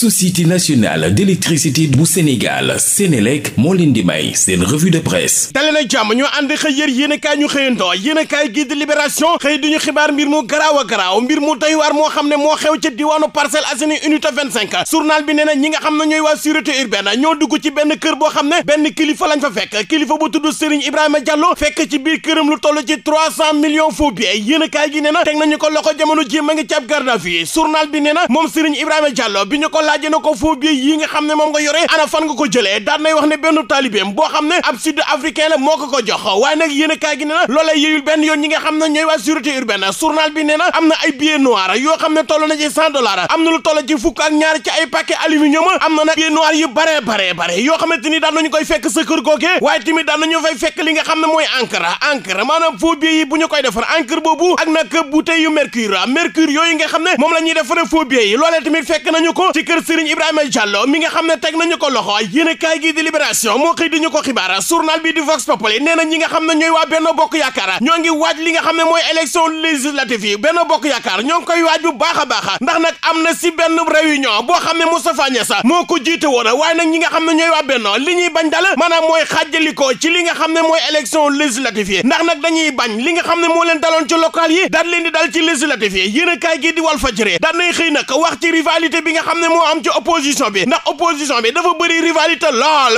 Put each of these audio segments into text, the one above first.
société nationale d'électricité bu Sénégal Sénélec moo leen di may seen revue de presse dale jàmm ñu ànd xëy yër yéen a kaay ñu xëyandoo yéen a kaay gi di libération xibaar mbir mu garaaw a garaaw mbir mu doy waar moo xam ne moo xew ca diwaanu Parcelles Assainies unité 25 journal bi nee na ñi nga xam ne ñooy waa sûreté urbaine ñoo dugg ci benn kër boo xam ne benn kilifa lañ fa fekk kilifa bu tudd Serigne Ibrahima Diallo fekk ci biir këram lu toll ci 300 millions faux billets yéen a kaay gi nee na teg nañu ko loxo jamono ji ngi ci ab garde bi nee na moom Serigne Ibrahima Diallo bi laaj na ko faux billets yi nga xam ne moom nga yore ana a kaay am na ay billets noirs yoo xam ne toll na ci cent dollars am na lu toll ci fukk ak ñaar ci ay paquet aluminium am na nag billets noirs yu bare bare bare yoo xamante ni daan nañu koy fekk sa kër googee waaye tamit daan fay fekk li nga xam ne mooy encre encre maanaam faux billets yi bu ñu koy defar encre boobu ak nag bouteille yu mercure mercure yooyu nga xam ne moom la ñuy defare faux yi loolee tamit fekk nañu ko ci kër siriñ Serigne Ibrahima Diallo mi nga xam ne teg nañu ko loxo yéenekaay gi di Libération moo xëy di ko xibaara journal bi di Vox Populi nee na ñi nga xam ne ñooy waa Benno Bokk Yaakaar ñoo ngi waaj li nga xam ne mooy élection législative yi Benno Bokk Yaakaar ñoo ngi koy waaj bu baaxa a baax ndax nag am na si benn réunion boo xam ne Moustapha Niasse moo ko jiite woon waaye nag ñi nga xam ne ñooy waa Benno li ñuy bañ dal maanaam mooy xàjjalikoo ci li nga xam ne mooy élection législative yi ndax nag dañuy bañ li nga xam ne moo leen daloon ci local yi leen di dal ci législative yi yéenekaay gi di Walf Fadjri daan wax rivalité bi nga xam ne moo am ci opposition bi ndax opposition bi dafa bëri rivalité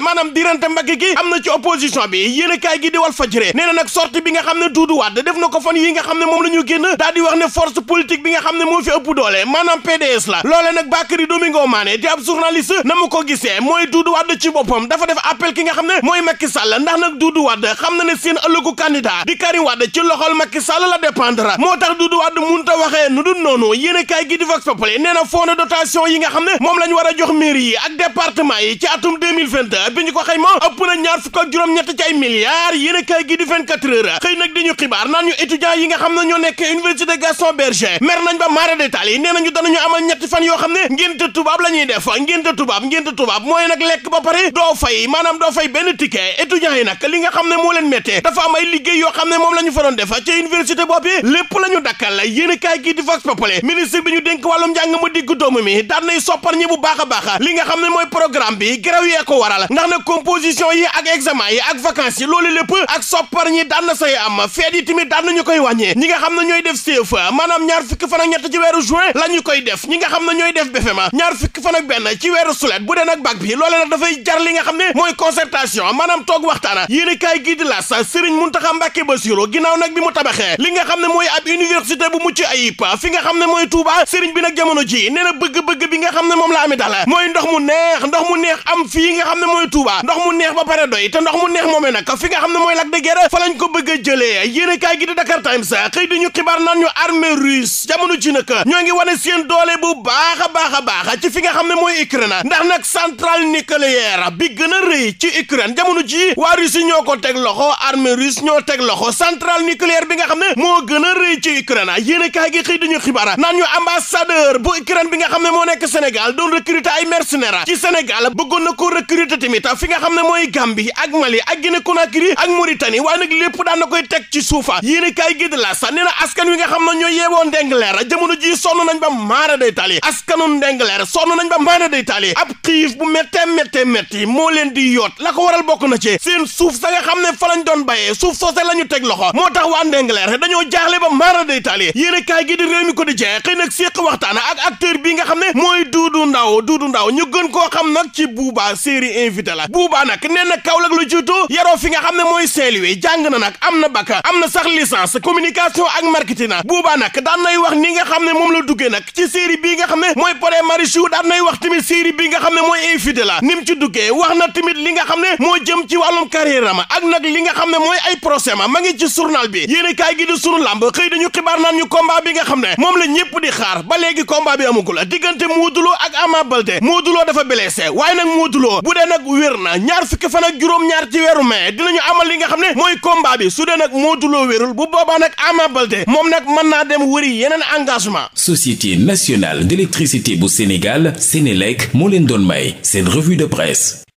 maanaam dirante mbagg am na ci opposition bi yéen a kaay gi di Walf Fadjri nee na nag bi nga xam ne Doudou Wade def na ko fan yi nga xam ne moom la ñu génn daal di wax ne force politique bi moo fi ëpp doole maanaam PDS la loole nag na ma ko gisee mooy Doudou Wade ci dafa def appel ki nga xam ne mooy Macky Sall ndax nag Doudou Wade xam na ne seen ëllëgu candidat di Karim Wade ci loxol Sall la dépendre moo tax Doudou Wade mun ta waxee nu dul noonu yéen a kaay gi di Vox Populi nee na fonds de dotation yi nga xam ne moom la ñu war a jox mairie yi ak département yi ci atum 2022 bi ñu ko xayma ëpp na ñaar fukk ak juróom-ñett ci ay milliards yéen a kaay gi di 24 heures xëy nag di ñu ne ñoo nekk université Gaston Berger xam ne ngénte tubaab la ñuy def ngénte tubaab ngénte tubaab mooy nag lekk ba pare doo li nga xam ne moo leen méttee dafa am ay liggéey yoo ne moom la ñu fa doon def ci université boobu a kaay gi ministre bi ñu dénk wàllum njàng ma digg doomu mi daan sopp koppar ñi bu baax a baax li nga xam ne mooy programme bi grève yee ko waral ndax nag composition yi ak examen yi ak vacances yi loolu lépp ak soppar ñi daan na say am feet yi tamit daan nañu koy wàññee ñi nga xam ne ñooy def CFEE maanaam ñaar fukki fan ak ñett ci weeru juin la ñu koy def ñi nga xam ne ñooy def ma ñaar fukki fan ak benn ci weeru sulet bu dee nag bac bi loole nag dafay jar li nga xam ne mooy concertation maanaam toog waxtaana yéen i nga xam ne mooy ab université bi nag jamono ji nee na bëgg bi nga xam ne moom la ami dal mooy ndox mu neex ndox mu neex am fii nga xam ne mooy tuuba ndox mu neex ba pare doy te ndox mu neex moomee nag fi nga xam ne mooy Lac de Guiers fa lañ ko bëgg a jëlee yéen kaay gi di Dakar Times xëy dañu xibaar naan ñu armée russe jamono ji nag ñoo ngi wane seen doole bu baax a baax a baax ci fi nga xam ne mooy Ukraine ndax nag centrale nucléaire bi gën a rëy ci Ukraine jamono ji waa Russie ñoo ko teg loxo armée russe ñoo teg loxo centrale nucléaire bi nga xam ne moo gën a rëy ci Ukraine yéen kaay gi xëy dañu xibaar naan ñu ambassadeur bu Ukraine bi nga xam ne moo nekk Sénégal Sénégal doon recruter ay mercenaires ci Sénégal bëggoon na ko recruter tamit fi nga xam ne mooy Gambie ak Mali ak Guinée Conakry ak Mauritanie waaye suufa yéen i kaay la sax askan wi nga xam ne ñoo yeewoo Ndengler jamono ji sonn ba maara day tali ab xiif bu méttee méttee métti moo leen di yoot la ko waral bokk na ci seen suuf sa nga xam ne fa lañ doon bayee suuf soose la teg loxo moo tax waa Ndengler dañoo jaaxle ba maara day tali yéen i kaay Doudou Ndaw Doudou Ndaw ñu gën koo xam nag ci Bouba série invité la Bouba nag nee na Kaolack lu jiitu yaroo fi nga xam ne mooy Saint-Louis jàng na nag am na bac am na sax licence communication ak marketing na Bouba nag daan nay wax ni nga xam ne moom la duggee nag ci série bii nga xam ne mooy Pod et Marichou daan nay wax tamit série bi nga xam ne mooy invité la ni mu ci duggee wax na tamit li nga xam ne moo jëm ci wàllum carrière am ak nag li nga xam ne mooy ay procès ma ma ngi ci journal bi yéen gi di sunu làmb xëy dañu xibaar naan ñu combat bi nga xam ne moom la ñëpp di xaar ba léegi combat ak Ama Baldé Modou Lo dafa blessé waaye nag Modou bu dee nag wér na ñaar fukki fan ak juróom-ñaar ci weeru mai dinañu amal li nga xam ne mooy combat bi su dee nag Modou Lo wérul bu boobaa nag Ama Baldé moom nag mën naa dem wëri yeneen engagement Société nationale d'électricité bu Sénégal Sénélec moo leen doon may seen revue de presse